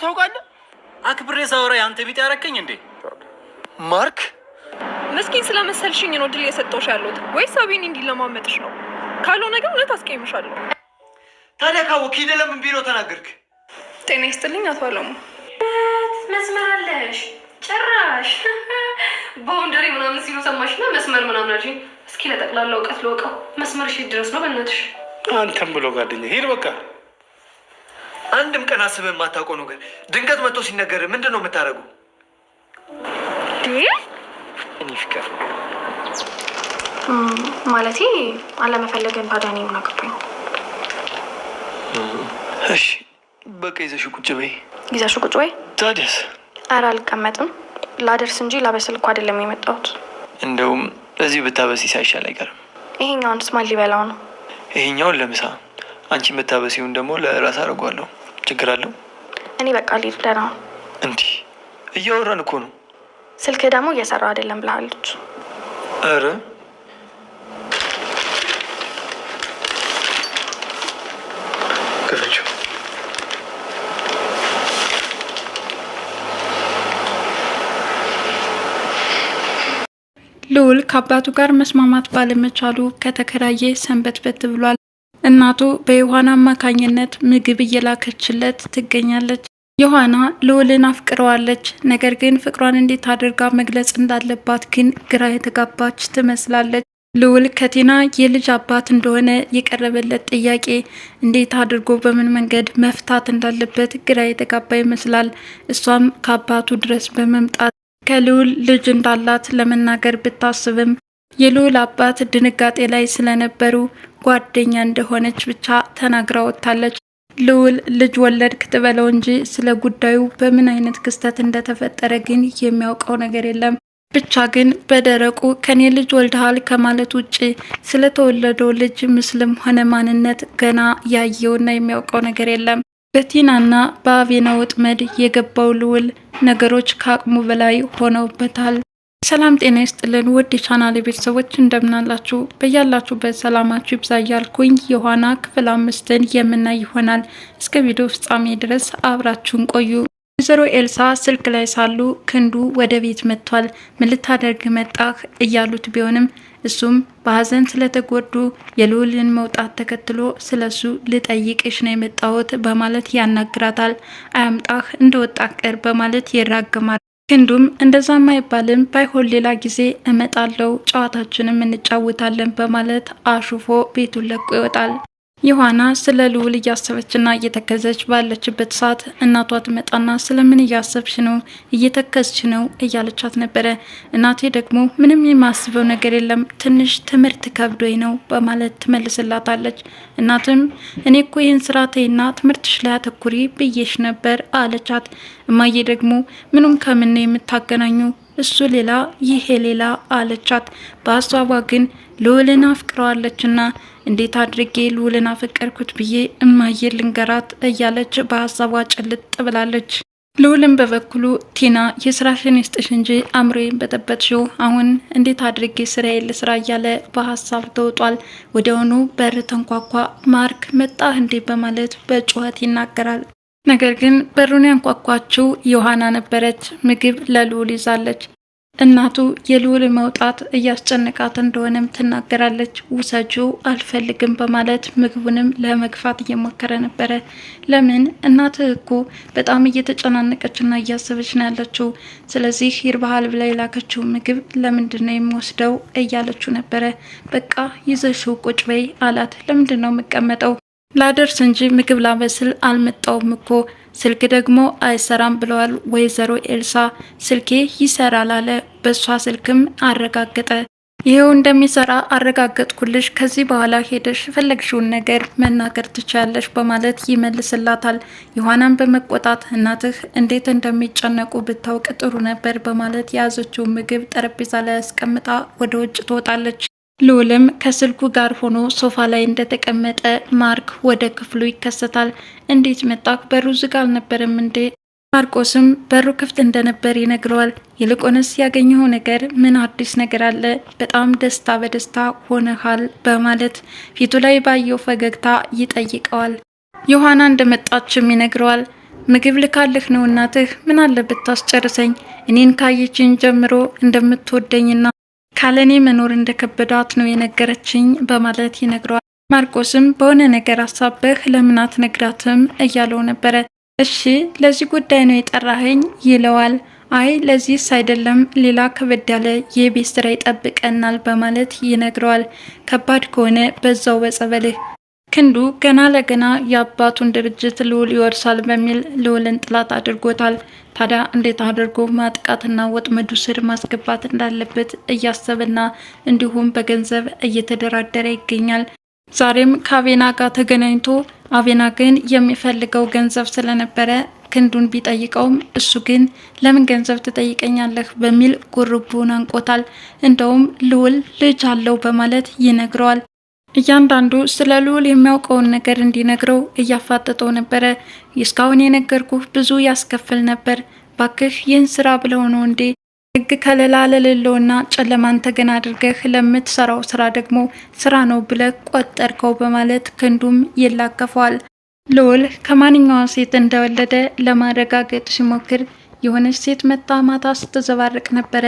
እንደሆነ ታውቃለህ? አክብሬ ሳወራ የአንተ ቢጤ ያረከኝ እንዴ ማርክ። መስኪን ስለመሰልሽኝ ነው ድል የሰጠውሽ ያለሁት ወይስ አቤኔ እንዲለማመጥሽ ነው? ካልሆነ ግን እውነት አስቀይምሻለሁ። ታዲያ ካወ ሂደህ ለምን ቢሮ ተናገርክ? ጤና ይስጥልኝ አቶ አለሙ። መስመር አለሽ ጭራሽ በወንደሪ ምናምን ሲሉ ሰማሽና መስመር ምናምን አልሽኝ። እስኪ ለጠቅላላ እውቀት ልወቀው መስመርሽ ድረስ ነው በእናትሽ። አንተም ብሎ ጓደኛ ሄድ በቃ አንድም ቀን አስበህ የማታውቀው ነገር ድንገት መጥቶ ሲነገር ምንድን ነው የምታደርገው? እኔ ፍቅር ማለት አለመፈለገን ባዳኔ ምን አገባኝ። እሺ በቃ ይዘሽ ቁጭ በይ። ይዘሽ ቁጭ በይ። ታዲያስ? ኧረ አልቀመጥም። ላደርስ እንጂ ላበስል እኮ አይደለም የመጣሁት። እንደውም እዚሁ ብታበሲ ሳይሻል አይቀርም። ይሄኛውንስ ማን ሊበላው ነው? ይሄኛውን ለምሳ አንቺ የምታበሲውን ደግሞ ለራስ አድርጓለሁ። ችግር አለው? እኔ በቃ ልሂድ ነው እንዲህ እያወራን እኮ ነው። ስልክ ደግሞ እየሰራ አይደለም ብላለች። ኧረ ልዑል ከአባቱ ጋር መስማማት ባለመቻሉ ከተከራየ ሰንበት በት ብሏል። እናቱ በዮሐና አማካኝነት ምግብ እየላከችለት ትገኛለች። ዮሐና ልዑልን አፍቅረዋለች። ነገር ግን ፍቅሯን እንዴት አድርጋ መግለጽ እንዳለባት ግን ግራ የተጋባች ትመስላለች። ልዑል ከቴና የልጅ አባት እንደሆነ የቀረበለት ጥያቄ እንዴት አድርጎ በምን መንገድ መፍታት እንዳለበት ግራ የተጋባ ይመስላል። እሷም ከአባቱ ድረስ በመምጣት ከልዑል ልጅ እንዳላት ለመናገር ብታስብም የልዑል አባት ድንጋጤ ላይ ስለነበሩ ጓደኛ እንደሆነች ብቻ ተናግራ ወጥታለች። ልዑል ልጅ ወለድክ ትበለው እንጂ ስለ ጉዳዩ በምን አይነት ክስተት እንደተፈጠረ ግን የሚያውቀው ነገር የለም። ብቻ ግን በደረቁ ከኔ ልጅ ወልደሃል ከማለት ውጭ ስለተወለደው ልጅ ምስልም ሆነ ማንነት ገና ያየውና የሚያውቀው ነገር የለም። በቲናና በአቬና ወጥመድ የገባው ልዑል ነገሮች ከአቅሙ በላይ ሆነውበታል። ሰላም ጤና ይስጥልን ውድ የቻናል ቤተሰቦች እንደምናላችሁ በያላችሁበት ሰላማችሁ ይብዛ እያልኩኝ ዮሐና ክፍል አምስትን የምናይ ይሆናል። እስከ ቪዲዮ ፍጻሜ ድረስ አብራችሁን ቆዩ። ወይዘሮ ኤልሳ ስልክ ላይ ሳሉ ክንዱ ወደ ቤት መጥቷል። ምን ልታደርግ መጣህ እያሉት ቢሆንም እሱም በሀዘን ስለተጎዱ የልዑልን መውጣት ተከትሎ ስለሱ ልጠይቅሽ ነው የመጣሁት በማለት ያናግራታል። አያምጣህ እንደወጣህ ቅር በማለት ይራግማል። ግንዱም እንደዛም አይባልም፣ ባይሆን ሌላ ጊዜ እመጣለው ጨዋታችንም እንጫወታለን በማለት አሹፎ ቤቱን ለቆ ይወጣል። ዮሐና ስለ ልዑል እያሰበችና እየተከዘች ባለችበት ሰዓት እናቷ ትመጣና ስለምን እያሰብች ነው? እየተከዝች ነው እያለቻት ነበረ። እናቴ ደግሞ ምንም የማስበው ነገር የለም ትንሽ ትምህርት ከብዶኝ ነው በማለት ትመልስላታለች። እናትም እኔ እኮ ይህን ስራ ተይና ትምህርትሽ ላይ አተኩሪ ብዬሽ ነበር አለቻት። እማዬ ደግሞ ምንም ከምን የምታገናኙ እሱ ሌላ ይሄ ሌላ አለቻት። በሀሳቧ ግን ልዑልን አፍቅረዋለችና እንዴት አድርጌ ልውልን አፈቀርኩት ብዬ እማዬ ልንገራት እያለች በሀሳቧ ጭልጥ ብላለች። ልውልም በበኩሉ ቲና የስራሽን ይስጥሽ እንጂ አእምሮዬን በጠበጥሽው፣ አሁን እንዴት አድርጌ ስራ የል ስራ እያለ በሀሳብ ተውጧል። ወዲያውኑ በር ተንኳኳ። ማርክ መጣህ እንዴ በማለት በጩኸት ይናገራል። ነገር ግን በሩን ያንኳኳችው ዮሐና ነበረች። ምግብ ለልውል ይዛለች። እናቱ የልዑል መውጣት እያስጨነቃት እንደሆነም ትናገራለች። ውሰጁ አልፈልግም በማለት ምግቡንም ለመግፋት እየሞከረ ነበረ። ለምን እናትህ እኮ በጣም እየተጨናነቀችና እያሰበች ነው ያለችው። ስለዚህ ይርባሃል ብላ የላከችው ምግብ ለምንድን ነው የሚወስደው እያለችው ነበረ። በቃ ይዘሽው ቁጭ በይ አላት። ለምንድን ነው የምቀመጠው? ላደርስ እንጂ ምግብ ላበስል አልመጣውም እኮ ስልክ ደግሞ አይሰራም ብለዋል ወይዘሮ ኤልሳ። ስልኬ ይሰራል አለ በእሷ ስልክም አረጋገጠ። ይኸው እንደሚሰራ አረጋገጥኩልሽ፣ ከዚህ በኋላ ሄደሽ የፈለግሽውን ነገር መናገር ትችያለሽ በማለት ይመልስላታል። ዮሐናን በመቆጣት እናትህ እንዴት እንደሚጨነቁ ብታውቅ ጥሩ ነበር በማለት የያዘችውን ምግብ ጠረጴዛ ላይ አስቀምጣ ወደ ውጭ ትወጣለች። ልዑልም ከስልኩ ጋር ሆኖ ሶፋ ላይ እንደተቀመጠ ማርክ ወደ ክፍሉ ይከሰታል። እንዴት መጣክ? በሩ ዝግ አልነበረም እንዴ? ማርቆስም በሩ ክፍት እንደነበር ይነግረዋል። ይልቁንስ ያገኘው ነገር ምን አዲስ ነገር አለ? በጣም ደስታ በደስታ ሆነሃል በማለት ፊቱ ላይ ባየው ፈገግታ ይጠይቀዋል። ዮሐና እንደመጣችም ይነግረዋል። ምግብ ልካልህ ነው እናትህ፣ ምን አለበት ታስጨርሰኝ። እኔን ካየችኝ ጀምሮ እንደምትወደኝና ካለኔ መኖር እንደከበዳት ነው የነገረችኝ በማለት ይነግረዋል። ማርቆስም በሆነ ነገር አሳበህ ለምን አትነግራትም እያለው ነበረ እሺ ለዚህ ጉዳይ ነው የጠራኸኝ ይለዋል። አይ ለዚህስ አይደለም ሌላ ከበድ ያለ የቤት ስራ ይጠብቀናል በማለት ይነግረዋል። ከባድ ከሆነ በዛው በጸበልህ ክንዱ ገና ለገና የአባቱን ድርጅት ልውል ይወርሳል በሚል ልውልን ጥላት አድርጎታል። ታዲያ እንዴት አድርጎ ማጥቃትና ወጥመዱ ስር ማስገባት እንዳለበት እያሰበና እንዲሁም በገንዘብ እየተደራደረ ይገኛል። ዛሬም ከአቬና ጋር ተገናኝቶ አቬና ግን የሚፈልገው ገንዘብ ስለነበረ ክንዱን ቢጠይቀውም እሱ ግን ለምን ገንዘብ ትጠይቀኛለህ በሚል ጉርቡን አንቆታል። እንደውም ልውል ልጅ አለው በማለት ይነግረዋል። እያንዳንዱ ስለ ልዑል የሚያውቀውን ነገር እንዲነግረው እያፋጠጠው ነበረ። እስካሁን የነገርኩህ ብዙ ያስከፍል ነበር፣ ባክህ ይህን ስራ ብለው ነው እንዴ ሕግ ከለላ ለሌለውና ጨለማን ተገን አድርገህ ለምትሰራው ስራ ደግሞ ስራ ነው ብለህ ቆጠርከው በማለት ክንዱም ይላከፈዋል። ልዑል ከማንኛውም ሴት እንደወለደ ለማረጋገጥ ሲሞክር የሆነች ሴት መታ ማታ ስትዘባርቅ ነበረ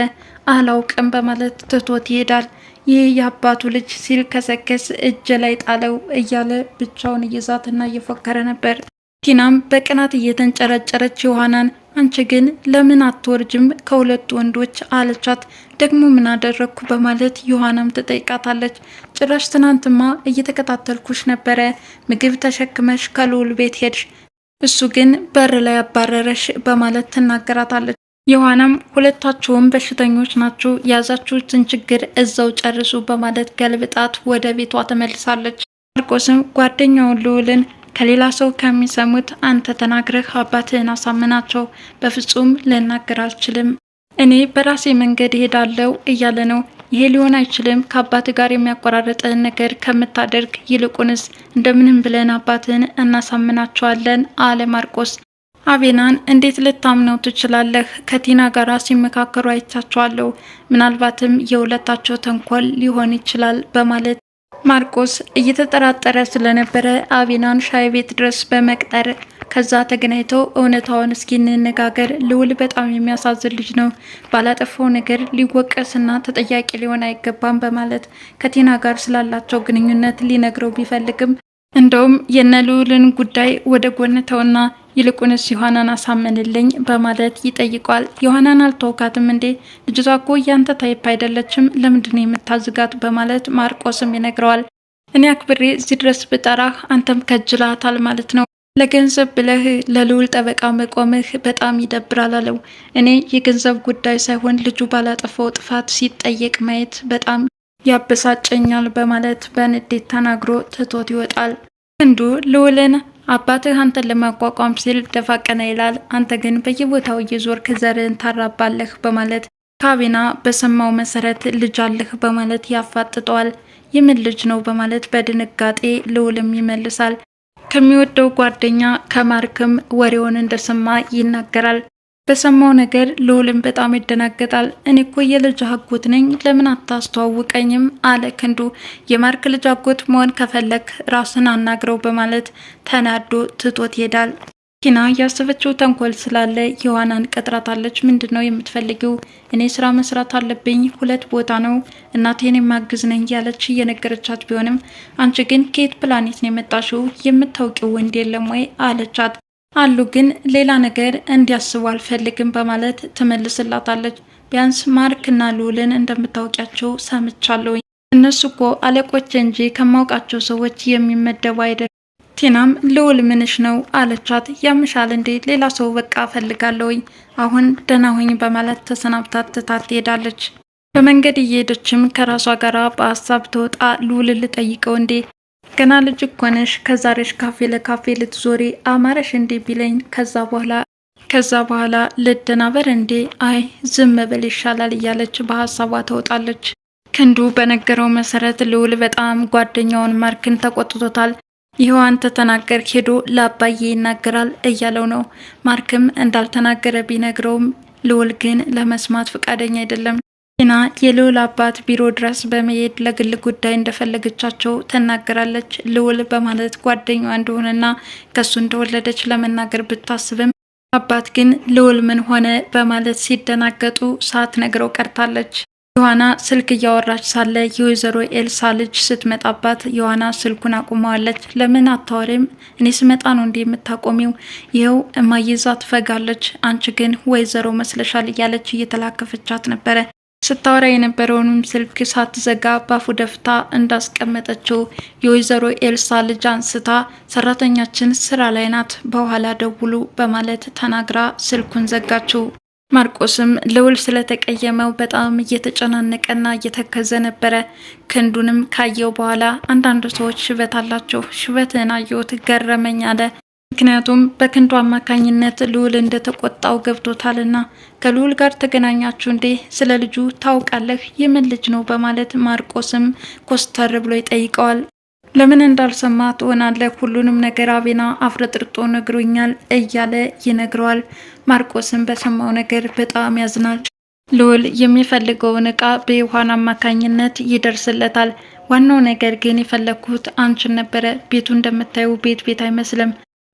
አላውቅም በማለት ትቶት ይሄዳል። ይህ የአባቱ ልጅ ሲል ከሰከስ እጅ ላይ ጣለው እያለ ብቻውን እየዛትና እየፎከረ ነበር። ቲናም በቅናት እየተንጨረጨረች ዮሐናን አንቺ ግን ለምን አትወርጅም ከሁለቱ ወንዶች አለቻት። ደግሞ ምን አደረግኩ በማለት ዮሐናም ትጠይቃታለች። ጭራሽ ትናንትማ እየተከታተልኩሽ ነበረ፣ ምግብ ተሸክመሽ ከልዑል ቤት ሄድሽ፣ እሱ ግን በር ላይ አባረረሽ በማለት ትናገራታለች። ዮሐናም ሁለታችሁም በሽተኞች ናችሁ፣ የያዛችሁትን ችግር እዛው ጨርሱ በማለት ገልብጣት ወደ ቤቷ ተመልሳለች። ማርቆስም ጓደኛውን ልዑልን ከሌላ ሰው ከሚሰሙት አንተ ተናግረህ አባትህን አሳምናቸው። በፍጹም ልናገር አልችልም፣ እኔ በራሴ መንገድ እሄዳለሁ እያለ ነው። ይሄ ሊሆን አይችልም፣ ከአባት ጋር የሚያቆራረጠን ነገር ከምታደርግ ይልቁንስ እንደምንም ብለን አባትህን እናሳምናቸዋለን አለ ማርቆስ። አቤናን እንዴት ልታምነው ትችላለህ? ከቲና ጋር ሲመካከሩ አይቻቸዋለሁ። ምናልባትም የሁለታቸው ተንኮል ሊሆን ይችላል በማለት ማርቆስ እየተጠራጠረ ስለነበረ አቢናን ሻይ ቤት ድረስ በመቅጠር ከዛ ተገናኝቶ እውነታውን እስኪ እንነጋገር፣ ልውል በጣም የሚያሳዝን ልጅ ነው፣ ባላጠፋው ነገር ሊወቀስና ተጠያቂ ሊሆን አይገባም በማለት ከቴና ጋር ስላላቸው ግንኙነት ሊነግረው ቢፈልግም እንደውም የነ ጉዳይ ወደ ጎን ተውና ይልቁንስ ዮሐናን አሳምንልኝ በማለት ይጠይቋል። ዮሐናን አልተወካትም እንዴ ልጅቷ እኮ ያንተ ታይፕ አይደለችም፣ ለምንድን ነው የምታዝጋት? በማለት ማርቆስም ይነግረዋል። እኔ አክብሬ እዚህ ድረስ ብጠራህ አንተም ከጅላታል ማለት ነው ለገንዘብ ብለህ ለልዑል ጠበቃ መቆምህ በጣም ይደብራል አለው። እኔ የገንዘብ ጉዳይ ሳይሆን ልጁ ባላጠፋው ጥፋት ሲጠየቅ ማየት በጣም ያበሳጨኛል በማለት በንዴት ተናግሮ ትቶት ይወጣል። ህንዱ ልዑልን አባትህ አንተን ለማቋቋም ሲል ደፋ ቀና ይላል፣ አንተ ግን በየቦታው እየዞርክ ዘርህን ታራባለህ በማለት ካቢና በሰማው መሰረት ልጅ አለህ በማለት ያፋጥጠዋል። የምን ልጅ ነው በማለት በድንጋጤ ልውልም ይመልሳል። ከሚወደው ጓደኛ ከማርክም ወሬውን እንደሰማ ይናገራል። በሰማው ነገር ልዑልም በጣም ይደናገጣል። እኔ እኮ የልጅ አጎት ነኝ ለምን አታስተዋውቀኝም? አለ ክንዱ። የማርክ ልጅ አጎት መሆን ከፈለግ ራስን አናግረው በማለት ተናዶ ትቶት ይሄዳል። ኪና ያሰበችው ተንኮል ስላለ ዮሐናን ቀጥራታለች። ምንድን ነው የምትፈልጊው? እኔ ስራ መስራት አለብኝ፣ ሁለት ቦታ ነው፣ እናቴን የማግዝ ነኝ ያለች እየነገረቻት ቢሆንም አንቺ ግን ከየት ፕላኔት ነው የመጣሽው? የምታውቂው ወንድ የለም ወይ? አለቻት አሉ ግን ሌላ ነገር እንዲያስቡ አልፈልግም በማለት ትመልስላታለች። ቢያንስ ማርክ እና ልዑልን እንደምታውቂያቸው ሰምቻለሁ። እነሱ እኮ አለቆች እንጂ ከማውቃቸው ሰዎች የሚመደቡ አይደል። ቲናም ልዑል ምንሽ ነው አለቻት። ያምሻል እንዴ ሌላ ሰው በቃ ፈልጋለሁኝ። አሁን ደህና ሁኝ በማለት ተሰናብታት ትታት ትሄዳለች። በመንገድ እየሄደችም ከራሷ ጋር በሀሳብ ተወጣ ልውል ልጠይቀው እንዴ ገና ልጅ እኮ ነሽ፣ ከዛሬሽ ካፌ ለካፌ ልትዞሪ አማረሽ እንዴ ቢለኝ ከዛ በኋላ ከዛ በኋላ ልደናበር እንዴ አይ ዝም ብል ይሻላል እያለች በሀሳቧ ተውጣለች። ክንዱ በነገረው መሰረት ልውል በጣም ጓደኛውን ማርክን ተቆጥቶታል። ይኸው አንተ ተናገር ሄዶ ለአባዬ ይናገራል እያለው ነው። ማርክም እንዳልተናገረ ቢነግረውም ልውል ግን ለመስማት ፈቃደኛ አይደለም። ቲና የልዑል አባት ቢሮ ድረስ በመሄድ ለግል ጉዳይ እንደፈለገቻቸው ትናገራለች። ልዑል በማለት ጓደኛዋ እንደሆነና ከሱ እንደወለደች ለመናገር ብታስብም አባት ግን ልዑል ምን ሆነ በማለት ሲደናገጡ ነግረው ቀርታለች። ዮሐና ስልክ እያወራች ሳለ የወይዘሮ ኤልሳ ልጅ ስትመጣባት ዮሐና ስልኩን አቁመዋለች። ለምን አታወሪም? እኔ ስመጣ ነው እንዲህ የምታቆሚው? ይኸው እማይዛ ትፈጋለች፣ አንቺ ግን ወይዘሮ መስለሻል እያለች እየተላከፈቻት ነበረ ስታወራ የነበረውንም ስልክ ሳትዘጋ ባፉ ደፍታ እንዳስቀመጠችው የወይዘሮ ኤልሳ ልጅ አንስታ ሰራተኛችን ስራ ላይ ናት፣ በኋላ ደውሉ በማለት ተናግራ ስልኩን ዘጋችው። ማርቆስም ልውል ስለተቀየመው በጣም እየተጨናነቀና እየተከዘ ነበረ። ክንዱንም ካየው በኋላ አንዳንድ ሰዎች ሽበት አላቸው፣ ሽበትህን አየሁት ገረመኝ አለ። ምክንያቱም በክንዱ አማካኝነት ልዑል እንደተቆጣው ገብቶታልና ከልዑል ጋር ተገናኛችሁ እንዴ? ስለ ልጁ ታውቃለህ? የምን ልጅ ነው? በማለት ማርቆስም ኮስተር ብሎ ይጠይቀዋል። ለምን እንዳልሰማ ትሆናለህ? ሁሉንም ነገር አቤና አፍረጥርጦ ነግሮኛል እያለ ይነግረዋል። ማርቆስም በሰማው ነገር በጣም ያዝናል። ልዑል የሚፈልገውን እቃ በዮሐን አማካኝነት ይደርስለታል። ዋናው ነገር ግን የፈለግኩት አንቺን ነበረ። ቤቱ እንደምታዩ ቤት ቤት አይመስልም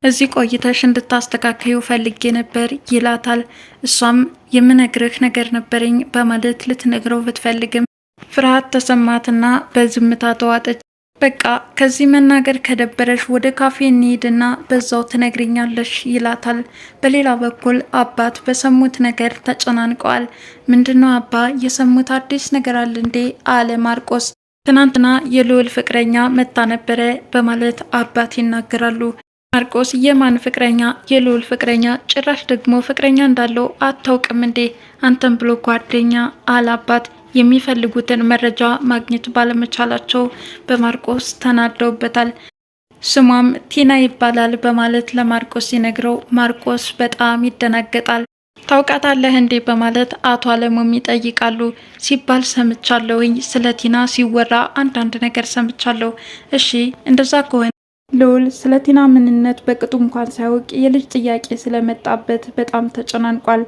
እዚህ ቆይተሽ እንድታስተካከዩ ፈልጌ ነበር ይላታል። እሷም የምነግርህ ነገር ነበረኝ በማለት ልትነግረው ብትፈልግም ፍርሃት ተሰማትና በዝምታ ተዋጠች። በቃ ከዚህ መናገር ከደበረሽ ወደ ካፌ እንሄድና በዛው ትነግርኛለሽ ይላታል። በሌላ በኩል አባት በሰሙት ነገር ተጨናንቀዋል። ምንድነው አባ የሰሙት አዲስ ነገር አለ እንዴ? አለ ማርቆስ። ትናንትና የልዑል ፍቅረኛ መታ ነበረ በማለት አባት ይናገራሉ። ማርቆስ የማን ፍቅረኛ? የልዑል ፍቅረኛ። ጭራሽ ደግሞ ፍቅረኛ እንዳለው አታውቅም እንዴ? አንተን ብሎ ጓደኛ አላባት የሚፈልጉትን መረጃ ማግኘት ባለመቻላቸው በማርቆስ ተናደውበታል። ስሟም ቲና ይባላል በማለት ለማርቆስ ሲነግረው ማርቆስ በጣም ይደናገጣል። ታውቃታለህ እንዴ በማለት አቶ አለሙም ይጠይቃሉ። ሲባል ሰምቻለሁኝ ስለ ቲና ሲወራ አንዳንድ ነገር ሰምቻለሁ። እሺ እንደዛ ከሆነ ልዑል ስለ ቲና ምንነት በቅጡ እንኳን ሳያውቅ የልጅ ጥያቄ ስለመጣበት በጣም ተጨናንቋል።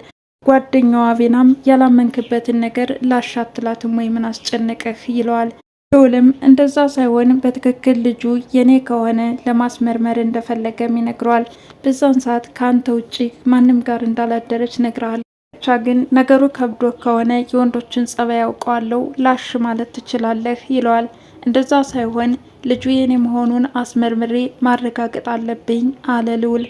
ጓደኛዋ ቬናም ያላመንክበትን ነገር ላሻትላትም ወይ ምን አስጨነቀህ ይለዋል። ልዑልም እንደዛ ሳይሆን በትክክል ልጁ የኔ ከሆነ ለማስመርመር እንደፈለገም ይነግረዋል። በዛን ሰዓት ከአንተ ውጭ ማንም ጋር እንዳላደረች ነግረሃል። ብቻ ግን ነገሩ ከብዶ ከሆነ የወንዶችን ጸባይ ያውቀዋለው ላሽ ማለት ትችላለህ ይለዋል። እንደዛ ሳይሆን ልጁ የኔ መሆኑን አስመርምሬ ማረጋገጥ አለብኝ አለ ልውል።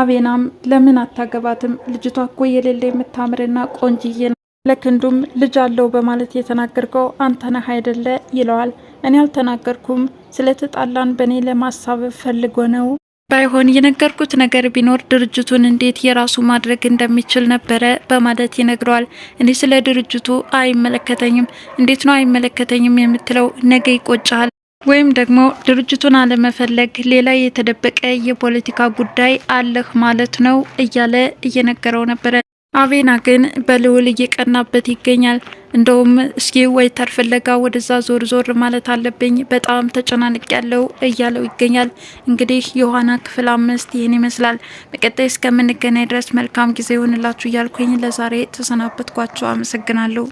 አቤናም ለምን አታገባትም? ልጅቷ እኮ የሌለ የምታምርና ቆንጅዬ ነው። ለክንዱም ልጅ አለው በማለት የተናገርከው አንተ ነህ አይደለ? ይለዋል። እኔ አልተናገርኩም፣ ስለተጣላን በእኔ ለማሳበብ ፈልጎ ነው ባይሆን የነገርኩት ነገር ቢኖር ድርጅቱን እንዴት የራሱ ማድረግ እንደሚችል ነበረ በማለት ይነግረዋል። እኔ ስለ ድርጅቱ አይመለከተኝም። እንዴት ነው አይመለከተኝም የምትለው? ነገ ይቆጫል። ወይም ደግሞ ድርጅቱን አለመፈለግ ሌላ የተደበቀ የፖለቲካ ጉዳይ አለህ ማለት ነው እያለ እየነገረው ነበረ። አቬና ግን በልዑል እየቀናበት ይገኛል። እንደውም እስኪ ወይተር ፍለጋ ወደዛ ዞር ዞር ማለት አለብኝ በጣም ተጨናንቅ ያለው እያለው ይገኛል። እንግዲህ ዮሐና ክፍል አምስት ይህን ይመስላል። በቀጣይ እስከምንገናኝ ድረስ መልካም ጊዜ ይሆንላችሁ እያልኩኝ ለዛሬ ተሰናበትኳቸው። አመሰግናለሁ።